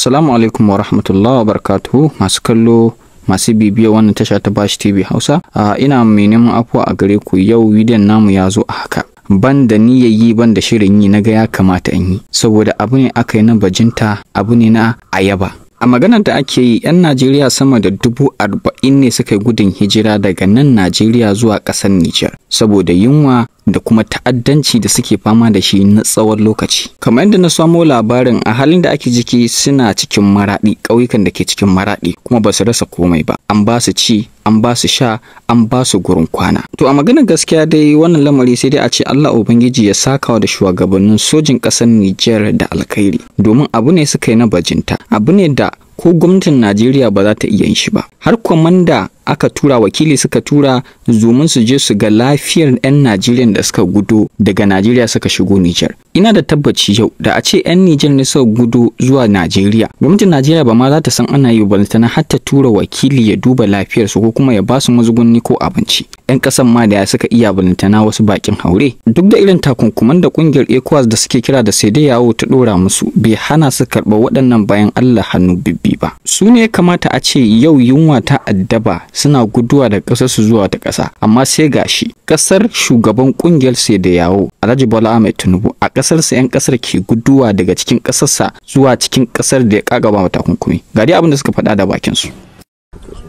Assalamu alaikum wa rahmatullah wa barakatuhu masu kallo masu bibiya wannan tasha ta bashi TV Hausa. ina mai neman afuwa a gare ku yau bidiyon namu ya zo a haka. ban da niyyayi ban da shirin yi na ga ya kamata in yi saboda abu ne aka yi na bajinta abu ne na ayaba a maganar da ake yi 'yan najeriya sama da dubu arba'in ne suka yi gudun hijira daga nan najeriya zuwa ƙasar nijar saboda yunwa da kuma ta'addanci da suke fama da shi na tsawon lokaci. Kamar yadda na samo labarin a halin da ake jiki suna cikin maraɗi ƙauyukan da ke cikin maraɗi kuma ba su rasa komai ba. An ba su ci, an ba su sha, an ba su gurin kwana. To a maganar gaskiya dai wannan lamari sai dai a ce Allah Ubangiji ya sakawa da shugabannin sojin ƙasar Nijar da Alkairi. Domin abu ne suka yi na bajinta, abu ne da ko gwamnatin Najeriya ba za ta iya yin shi ba. Har kwamanda aka tura wakili suka tura domin su je su ga lafiyar 'yan Najeriya da suka gudu daga Najeriya suka shigo Nijar. Ina da tabbaci yau da a ce 'yan Nijar ne suka gudu zuwa Najeriya. Gwamnatin Najeriya ba ma za ta san ana yi balantana har ta tura wakili ya duba lafiyar su ko kuma ya ba su mazugunni ko abinci. 'Yan kasan ma da ya suka iya na wasu bakin haure. Duk da irin takunkuman da kungiyar ECOWAS da suke kira da sai dai yawo ta dora musu bai hana su karɓa waɗannan bayan Allah hannu bibbi ba. Su ne kamata a ce yau yunwa ta addaba suna guduwa da su zuwa ta ƙasa amma sai gashi ƙasar shugaban ƙungiyar sai da yawo Alhaji Bola Ahmed Tinubu a sa 'yan ƙasar ke guduwa daga cikin ƙasarsa zuwa cikin ƙasar da ya kagaba mata kunkumi ga dai abin da suka faɗa da bakin su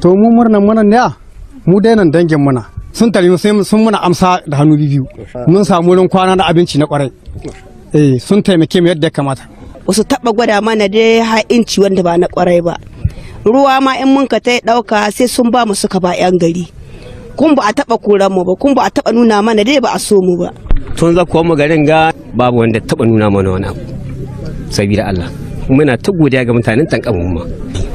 to mu murnan mana ne mu dai nan dangin muna sun tare mu sun muna amsa da hannu biyu mun samu wurin kwana na abinci na kwarai eh sun taimake mu yadda ya kamata wasu taɓa gwada mana dai ha'inci wanda ba na kwarai ba ruwa ma in mun ka ta ɗauka sai sun ba mu suka ba 'yan gari kun ba a taɓa koran mu ba kun ba a taɓa nuna mana dai ba a so mu ba tun za ku mu garin ga babu wanda taɓa nuna mana wani abu sabida Allah muna ta godiya ga mutanen tankam mu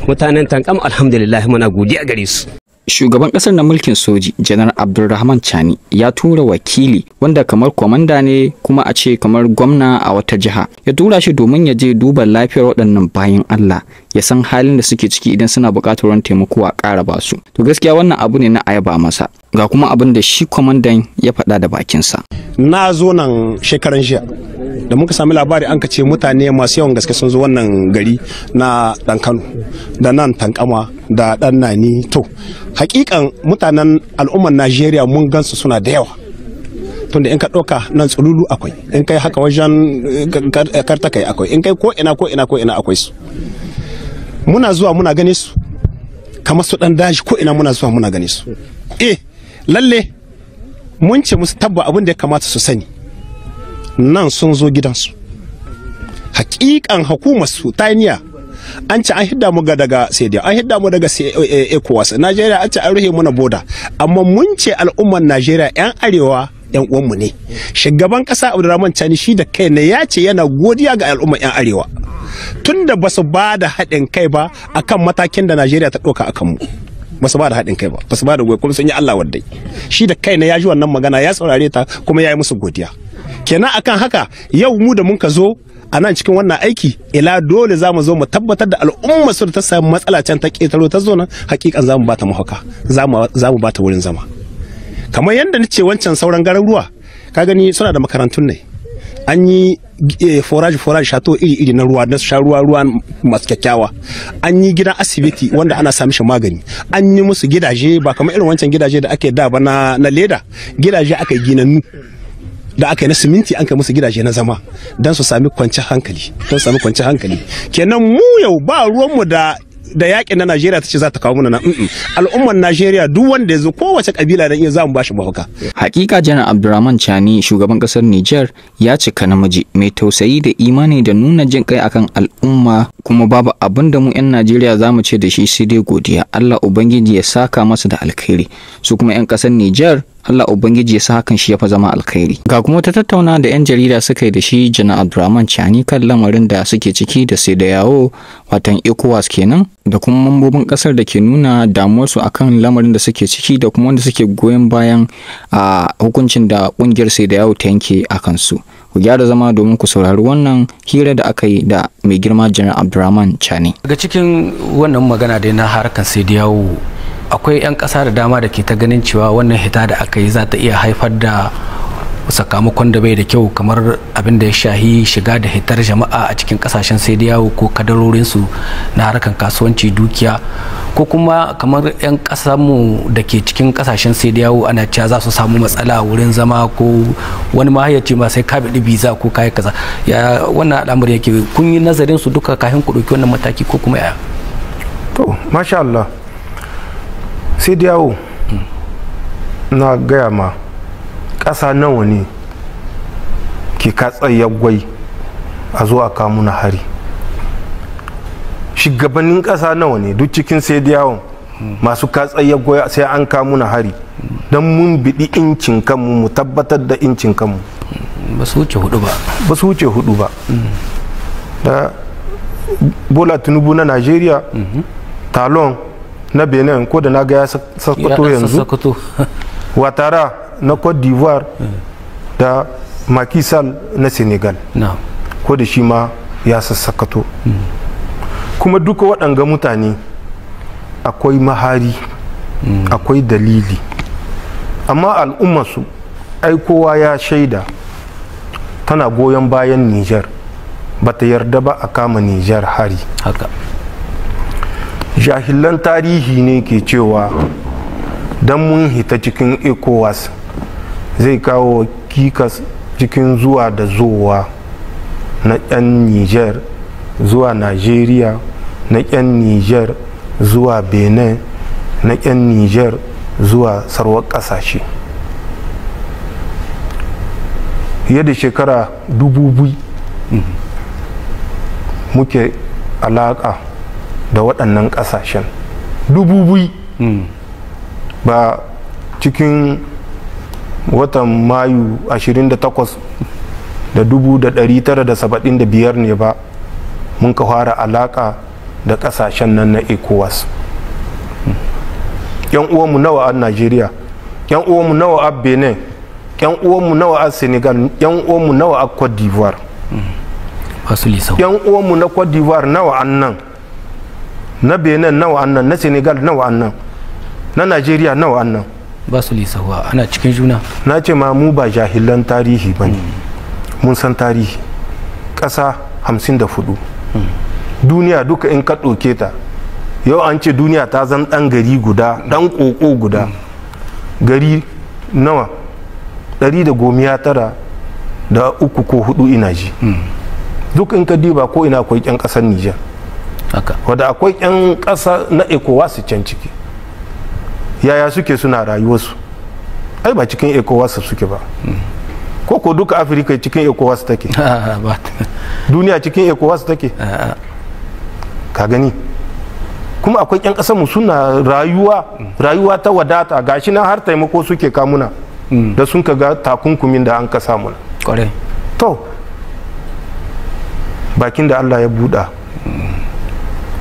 mutanen tankam alhamdulillah muna godiya gare su shugaban kasar na mulkin soji janar abdulrahman chani ya tura wakili wanda kamar kwamanda ne kuma a ce kamar gwamna a wata jiha ya tura shi domin ya je duba lafiyar waɗannan bayan allah ya san halin da suke ciki idan suna buƙatar ran taimako a ƙara ba su to gaskiya wannan abu ne na ayaba masa ga kuma abin da shi kwamandan ya faɗa da bakinsa na zo nan shekaran jiya da muka sami labari an ce mutane masu yawan gaske sun zo wannan gari na dan kano da nan tankama da dan nani to hakikan mutanen al'ummar najeriya mun gansu suna da yawa tunda in ka ɗauka nan tsululu akwai in kai haka wajen eh, kartakai akwai in kai ko ina ko ina ko ina akwai su muna zuwa muna gane su kamar su dan daji ko ina muna zuwa muna gane su eh lalle mun ce musu tabba abin da ya kamata su sani nan sun zo gidansu hakikan hukumar su taniya an ce an hidda mu daga sai an hidda mu daga ecowas najeriya an ce an ruhe muna boda amma mun ce al'ummar najeriya yan arewa yan uwan mu ne shugaban kasa abdurrahman cani shi da kai ne ya ce yana godiya ga al'umma yan arewa tunda ba su ba da haɗin kai ba akan matakin da najeriya ta ɗauka akan mu ba su ba da haɗin kai ba ba su ba da goyi kuma sun yi allah wadai shi da kai ne ya ji wannan magana ya saurare ta kuma ya yi musu godiya kenan akan haka yau mu da mun ka zo a nan cikin wannan aiki ila dole za mu zo mu tabbatar da al'umma su ta samu matsala can ta ƙetaro ta zo nan hakikan za mu ba ta mahauka za mu ba ta wurin zama kamar yadda na ce wancan sauran garuruwa ka gani suna da makarantun ne an yi eh, forage forage shato iri iri na ruwa na sha ruwa ruwa masu kyakkyawa an yi gidan asibiti wanda ana sami shi magani an yi musu gidaje ba kamar irin wancan gidaje da ake da ba na, leda gidaje aka yi ginannu da aka yi na siminti an kai musu gidaje na zama don su sami kwanci hankali don su sami kwanci hankali kenan mu yau ba ruwanmu da da yakin na Najeriya ta ce za ta kawo mana nan al'ummar Najeriya duk wanda ya zo kowace kabila dan iya za mu bashi mafuka hakika janar Abdurrahman Chani shugaban kasar Niger ya cika namiji mai tausayi da imani da nuna jin kai akan al'umma kuma babu abin da mu 'yan Najeriya za mu ce da shi sai dai godiya Allah Ubangiji ya saka masa da alkhairi su kuma 'yan kasar Niger Allah Ubangiji ya sa hakan shi ya fa zama alkhairi. Ga kuma ta tattauna da 'yan jarida suka yi da shi Jana Abdurrahman Chani kan lamarin da suke ciki da sai da yawo watan ECOWAS kenan da kuma mambobin kasar da ke nuna damuwarsu akan lamarin da suke ciki da kuma wanda suke goyon bayan a hukuncin da kungiyar sai da yawo ta yanke a kansu. Ku gyara zama domin ku saurari wannan hira da aka yi da mai girma Janar Abdurrahman Chani. Daga cikin wannan magana dai na harkar sai da yawo akwai 'yan kasa da dama da ke ta ganin cewa wannan hita da aka yi za ta iya haifar da sakamakon da bai da kyau kamar abin da ya shahi shiga da hitar jama'a a cikin kasashen sai da yawo ko kadarorinsu na harkar kasuwanci dukiya ko kuma kamar 'yan mu da ke cikin kasashen sai da yawo ana cewa za su samu matsala wurin zama ko wani ma ya ma sai ka biɗi biza ko kai kaza ya wannan al'amari yake kun yi nazarin su duka kafin ku ɗauki wannan mataki ko kuma ya to masha Allah sai da yawo na gaya ma ƙasa nawa ne ke katsayyar gwai a zuwa kamu kamuna hari shugabannin ƙasa nawa ne duk cikin sai da yawon masu katsayyar gwai sai an kamuna hari don mun biɗi incin kanmu mu tabbatar da incin kanmu ba su wuce hudu ba ba su wuce ba da bola tinubu na nigeria mhm. talon na benin ko da na ga ya sakkwato yanzu watara na cote d'ivoire hmm. da makisal na senegal ko da shi ma ya sassakato hmm. kuma duka waɗanga mutane akwai mahari hmm. akwai dalili amma al'ummasu aikowa ya shaida tana goyon bayan nijar ba ta yarda ba a kama nijar hari jahilan tarihi ne ke cewa don mun hita cikin ecowas zai kawo kikas cikin zuwa da zowa na 'yan niger zuwa nigeria na 'yan niger zuwa benin na 'yan niger zuwa sarwar kasashe fiye da shekara dubu biyu mhm. muke alaƙa da waɗannan ƙasashen dububi mm. ba cikin watan mayu 28 da 1975 ne ba mun ka fara alaƙa da ƙasashen nan na ecowas yan uwanmu nawa a najeriya yan uwanmu nawa a benin yan uwanmu nawa a senegal yan uwanmu nawa a cote d'ivoire mm. yan uwanmu na cote d'ivoire nawa an nan na benin nawa nan na senegal nawa nan na nigeria nawa nan. ba su lisawa ana cikin juna na ce ma mu ba jahilan tarihi ba ne hmm. mun san tarihi ƙasa hamsin da fudu hmm. duniya duka in ka ɗauke ta yau an ce duniya ta zan ɗan gari guda ɗan ƙoƙo guda hmm. gari nawa ɗari da gomiya tara da uku ko hudu ina ji duk in ka diba ko ina kwaikin ƙyan ƙasar nijar wadda akwai 'yan ƙasa na ecowas can ciki yaya suke suna rayuwarsu ai ba cikin ecowas suke ba ko ko duka afirka cikin ecowas take duniya cikin ecowas take ka gani kuma akwai 'yan mu suna rayuwa rayuwa ta wadata gashi nan har taimako suke kamuna hmm. da sun ka ga takunkumin da an ka samu to bakin da allah ya buɗa hmm.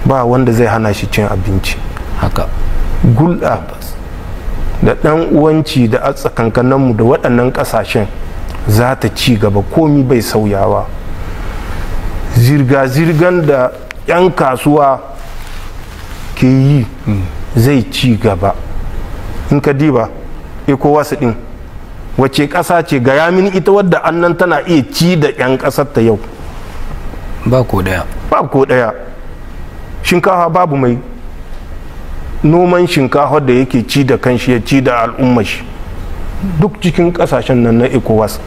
ba wanda zai hana shi cin abinci haka gulɗa da ɗan uwanci da a tsakankaninmu da waɗannan ƙasashen za ta ci gaba komi bai sauyawa zirga-zirgan da 'yan kasuwa ke yi hmm. zai ci gaba in ka diba ecowas ɗin wace ƙasa ce ga yamin ita wadda annan tana iya ci da 'yan ƙasar ta yau ba ko ɗaya ba ko ɗaya shinkafa babu mai noman shinkafa da yake ci da kanshi ya ci da al'umma shi duk cikin kasashen nan na ecowas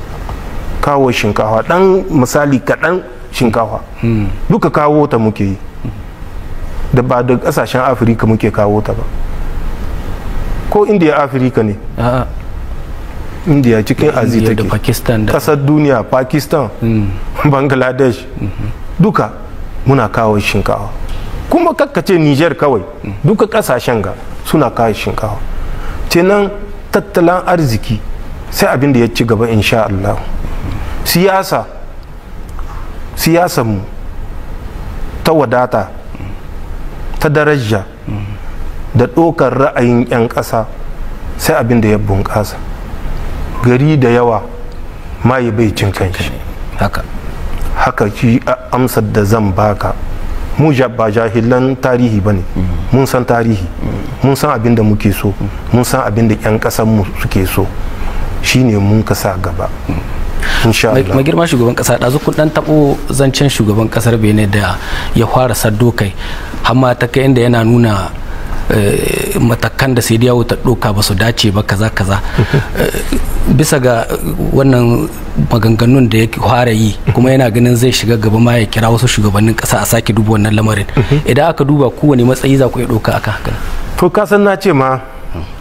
kawo shinkafa dan misali kaɗan shinkafa hmm. duka kawo ta muke yi da ba da kasashen afirka muke kawo ta ba ko indiya afirka ne indiya cikin azita ke kasar duniya pakistan hmm. bangladesh hmm. duka muna kawo shinkafa kuma ce niger kawai duka kasashen ga suna kayan shinkawa kenan tattalin arziki sai abin da ya ci gaba in sha Allah siyasa mu ta wadata ta daraja da ɗokar ra'ayin 'yan ƙasa sai abin da ya bunƙasa gari da yawa maye bai cin kanshi haka haka ki amsar da zan baka mu ba jahilan tarihi ba ne mun san tarihi mun san abin da muke so mun san abin da 'yan mu suke so shine mun kasa gaba mai girma shugaban kasa ɗazu kun ɗan taɓo zancen shugaban kasar benin da ya fara sardokai hamma ta kai inda yana nuna Eh, matakan da sai dawo ta doka ba su dace ba kaza kaza eh, bisa ga wannan maganganun da ya fara yi kuma yana ganin zai shiga gaba ma ya kira wasu shugabannin kasa a sake duba wannan lamarin idan aka duba kowane matsayi za ku iya doka aka haka to kasan na ce ma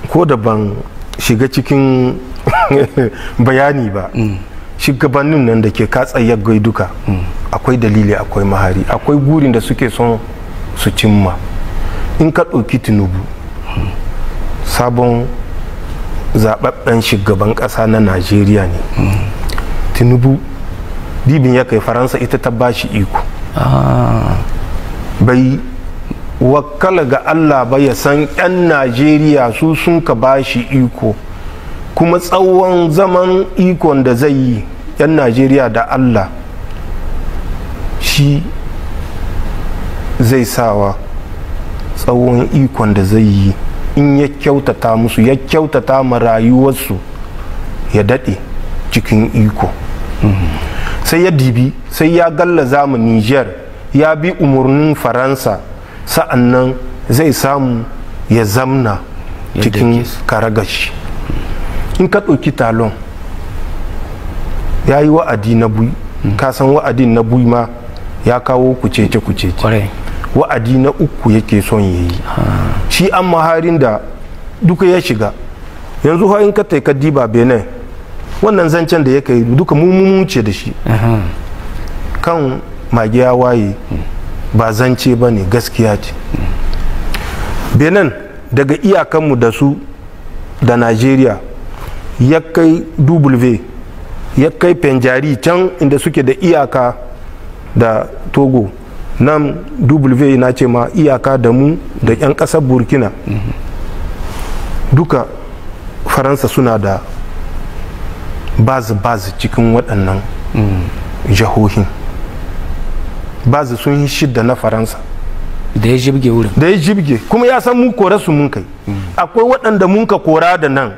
ko da ban shiga cikin bayani ba mm. shugabannin nan da ke tsayar gaiduka mm. akwai dalili akwai mahari akwai gurin da suke son su cimma in ka ɗauki tinubu sabon zaɓaɓɓen shugaban ƙasa na najeriya ne tinubu dibin ya kai faransa ita ta ba shi iko ah. bai wakala ga allah ba ya san 'yan najeriya su sun ka ba shi iko kuma tsawon zaman ikon da zai yi 'yan najeriya da allah shi zai sawa tsawon ikon da zai yi in ya kyautata musu ya kyautata ma rayuwarsu ya daɗe cikin iko sai ya dibi sai ya gallaza mu niger ya bi umarnin faransa sa'annan zai samu ya zamna cikin karagashi in ka ɗauki talon ya yi wa'adi na bui mm. kasan wa'adin na bui ma ya kawo kucece kucece wa'adi na uku yake son ya yi shi an maharin da duka ya shiga yanzu ha'in in ka diba benin wannan zancen da ya kai duka mummunce da shi kan magiya waye ba zance ba ne gaskiya ce benin daga iyakanmu da su da nigeria ya kai w ya kai penjari can inda suke da iyaka da togo nan w na ce ma iyaka da mu da 'yan ƙasar burkina duka faransa suna da bazi-bazi cikin waɗannan jahohin bazi sun yi shidda na faransa da ya jibge wurin da ya jibge kuma ya san mu kore su mun kai akwai waɗanda mun ka kora da nan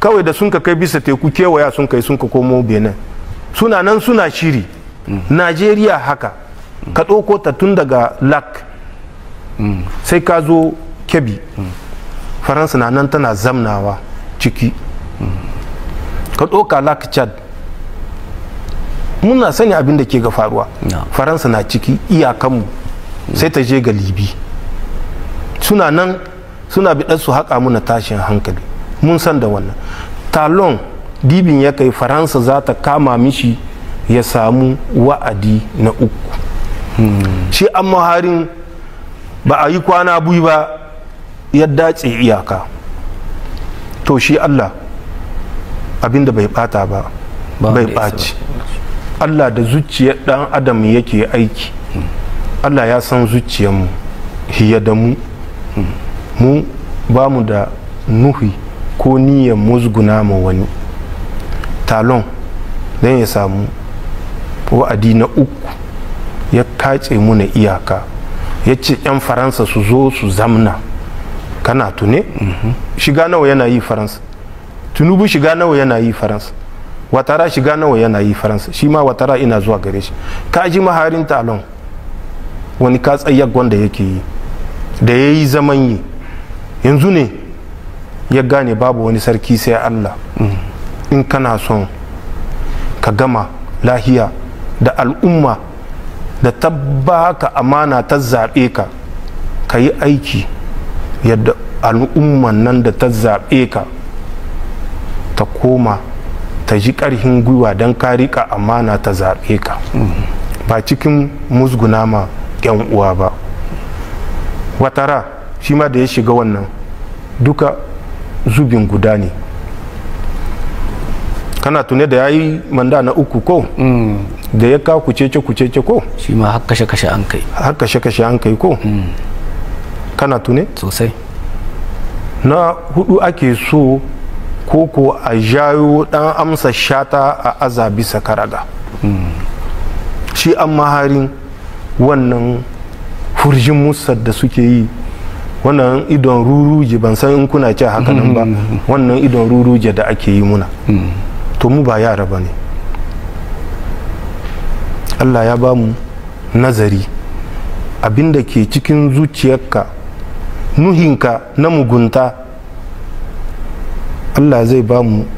kawai da sun ka kai bisa teku kewaya sun kai sun ka komo benin suna nan suna shiri najeriya haka ka ɗauko ta tun daga lak sai ka zo kebi faransa na nan tana zamnawa ciki ka ɗauka lak chad muna sani abin da ke ga faruwa faransa na ciki iyakanmu sai ta je ga libi suna nan suna bi su haƙa muna tashin hankali mun san da wannan talon dibin ya kai faransa za ta kama mishi ya samu wa'adi na uku shi an maharin ba a yi kwana bui ba ya dace iyaka to shi allah abinda bai bata ba bai baci. allah da zuciyar dan adam yake aiki allah ya san zuciyarmu hiya da mu mu ba mu da nuhi ko niyyar musguna ma wani talon don ya samu wa'adi na uku ya kace muna iyaka ya ce 'yan faransa su zo su zamna kana tune shiga nawa yana yi faransa tunubu shiga nawa yana yi faransa watara shiga nawa yana yi faransa shi ma watara ina zuwa gare shi ka ji maharin talon wani ka tsayyag gwanda yake yi da ya yi zaman yi yanzu ne ya gane babu wani sarki sai allah in kana son ka gama lahiya da al'umma da ta baka amana ta zaɓe ka ka yi aiki yadda al'umman nan da ta zaɓe ka ta koma ta ji ƙarfin gwiwa don ka riƙa amana ta zaɓe ka ba cikin musguna ma 'yan uwa ba watara shi ma da ya shiga wannan duka zubin guda ne kana tune da ya yi manda na uku ko mm. da ya ka kucece kucece ko shi ma har kashe kashe an kai har kashe kashe an kai ko hmm. kana tune sosai na hudu ake so ko ko a jayo dan amsa shata a aza bisa karaga hmm. shi an maharin wannan furjin musa da suke yi wannan idon ruruje ban san in kuna ce haka nan ba hmm. wannan idon ruruje da ake yi muna to mu ba yara ba ne allah ya ba mu nazari abinda ke cikin zuciyarka nuhinka na mugunta allah zai ba mu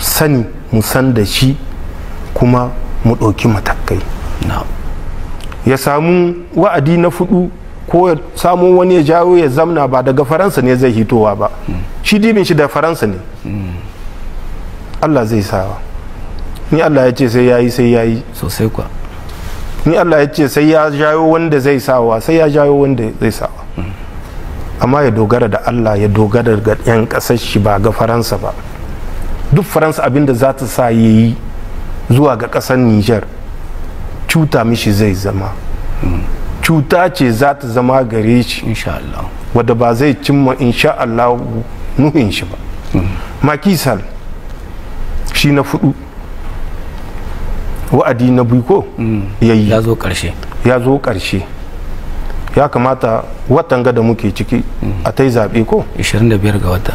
sani mu san da shi kuma mu ɗauki matakai ya samu wa'adi na fudu ko ya samu wani ya jawo ya zamna ba daga faransa ne zai hitowa ba mm. shi dibin shi da faransa ne mm. allah zai sawa ni Allah ya ce sai ya yi sai ya yi sosai kuwa ni Allah ya ce sai ya jayo wanda zai sawa sai ya jayo wanda zai sawa mm. amma ya dogara da Allah ya dogara ga 'yan kasar shi ba ga faransa ba duk faransa abinda za ta sa ya yi zuwa ga kasar niger cuta mishi zai zama mm. cuta ce za ta zama gare shi wadda ba zai cimma insha Allah nuhin shi ba mm. makisal shi na fudu wa'adi na biko. Mm. ya yi ya zo karshe ya zo karshe ya kamata watan gada muke ciki mm. a ta yi zaɓe ko 25 ga wata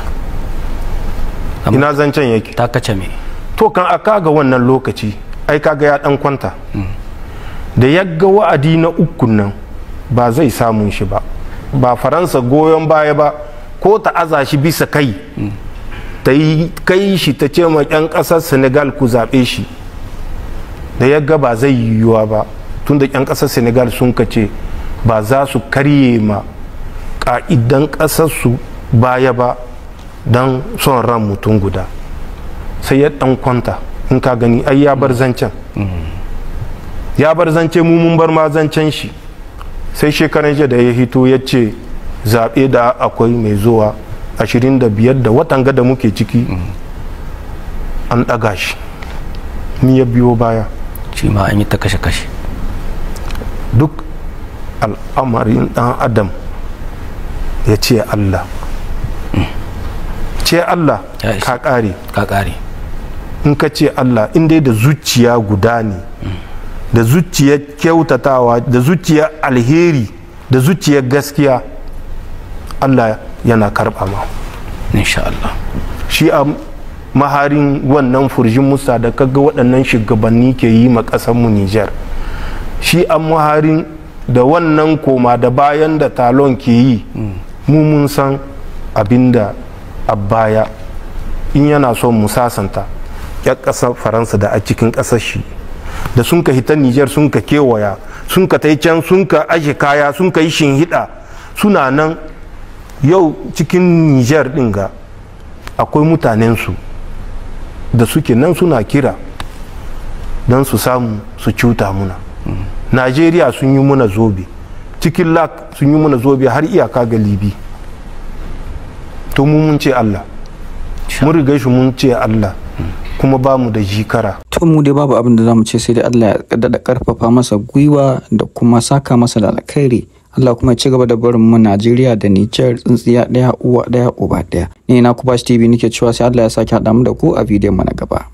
ina zancen yake ta kace me to kan a kaga wannan lokaci ai kaga ya dan kwanta mm. da yagga wa'adi na ukun nan ba zai samun shi ba ba faransa goyon baya ba ko ta aza shi bisa kai ta yi kai shi ta ce ma 'yan ƙasar senegal ku zaɓe shi da ya ga ba zai yiwuwa ba tun da 'yan ƙasar senegal sun kace ba za su karye ma ƙa'idan su baya ba don son ran mutum guda sai ya ɗan kwanta in ka gani ai ya bar zancen ya bar zance mu mun bar ma zancen shi sai shekaran jiya da ya hito ya ce zaɓe da akwai mai zuwa 25 da watan gada muke ciki an ɗaga shi ni ya biyo baya shi ma an yi ta kashe-kashe duk al'amarin dan adam ya ce allah ce allah ka kare ka kare in ka ce allah inda da zuciya guda ne da zuciya kyautatawa da zuciya alheri da zuciya gaskiya allah yana karba ma insha allah shi maharin wannan furjin musa da kaga waɗannan shugabanni ke yi ma mu nijar shi an maharin da wannan koma da bayan da talon ke yi mu mun san abin da abbaya in yana so mu sasanta ya ƙasar faransa da a cikin ƙasar shi da sun ka hita nijar sun ka kewaya sun ka tai can sun ka aje kaya sun ka yi shinhiɗa suna nan yau cikin nijar ɗin ga akwai mutanensu da suke nan suna kira don su samu su cuta muna najeriya sun yi muna zobe cikin lak sun yi muna zobe har iyaka ga libi to mu mun ce allah mun riga shi mun ce allah kuma ba mu da jikara to mu dai babu abin da za mu ce sai da allah ya daɗa ƙarfafa masa gwiwa da kuma saka masa da alkhairi Allah kuma ci gaba da barin mu Najeriya da Nijar tsintsiya ɗaya uwa ɗaya uba ɗaya. Ni na Kubash TV nake cewa sai Allah ya saki haɗa mu da ku a bidiyon mu na gaba.